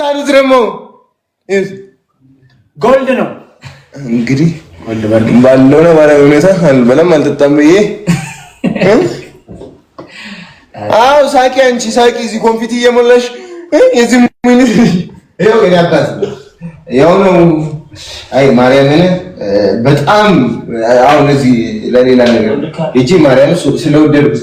ታሉት ደግሞ ጎልድ ነው እንግዲህ ባለው ነው ባለ ሁኔታ አልበላም አልጠጣም ብዬ አዎ ሳቂ አንቺ ሳቂ እዚህ ኮንፊት እየሞላሽ የዚህ ያው ነው አይ ማርያምን በጣም አሁን እዚህ ለሌላ ነገር እጂ ማርያምን ስለወደድኩት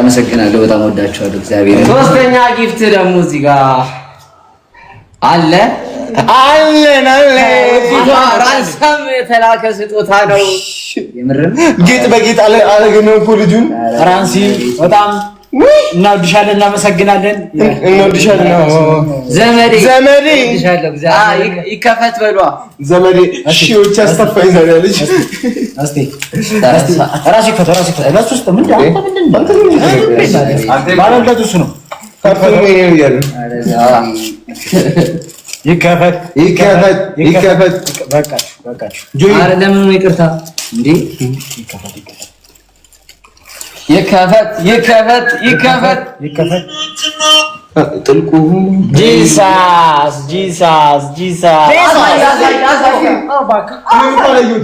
አመሰግናለሁ። በጣም ወዳችኋለሁ። እግዚአብሔር ሶስተኛ ጊፍት ደግሞ እዚህ ጋር አለ አለን አለን የተላከ ስጦታ ነው። ጌጥ በጌጥ አለገነፉ ልጁን ራንሲ በጣም እናወድሻለን፣ እናመሰግናለን፣ እንወድሻለን። ዘመዴ ዘመዴ ይከፈት በሏ ዘመዴ። ሺዎች አስተፋኝ ዛሬ ልጅ ባለውለቱ እሱ ነው። ይከፈት ይከፈት ይከፈት።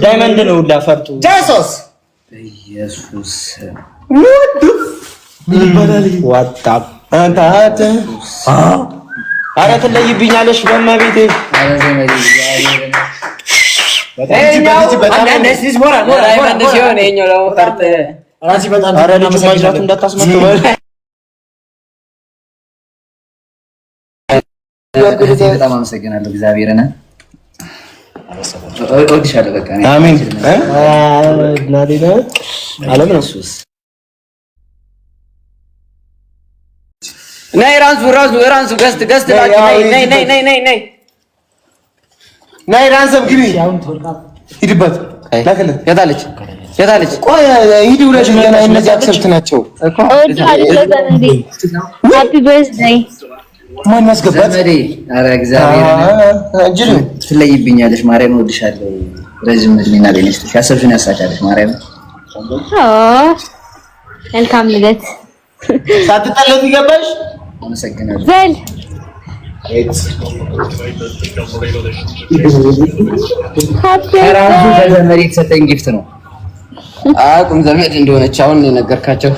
ዳይመንድ ነው ሁላ ፈርጡ በኢየሱስ ምን ይባላል? አረ ትለይብኛለሽ በማቤቴ በጣም አመሰግናለሁ እግዚአብሔርን ቤተሰቦች እወድሻለሁ። በቃ አሜን። አለም ነው ናቸው እኮ ትለይብኛለሽ ማርያም እወድሻለሁ። ረዥም እድሜና ጤና ይስጥሽ። ያሰብሽን ያሳካለሽ ማርያም። መልካም ልደት። ሳትጠለፊ ገባሽ። አመሰግናለሁ። በል ከእራሱ በዘመድ የተሰጠኝ ጊፍት ነው። ቁም ዘመድ እንደሆነች አሁን ነው የነገርካቸው።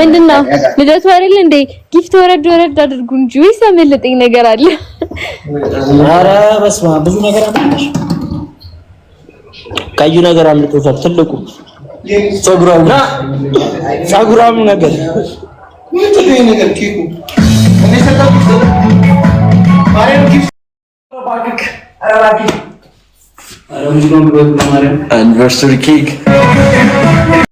ምንድን ነው ልደቱ አይደል እንዴ? ጊፍት ወረድ ወረድ አድርጉ እንጂ ወይስ ያመለጠኝ ነገር አለ? ኧረ በስመ አብ ብዙ ነገር አለሽ። ቀዩ ነገር አምልጦታል። ትልቁ ጸጉራሙ ጸጉራሙ ነገር አንቨርሰሪ ኬክ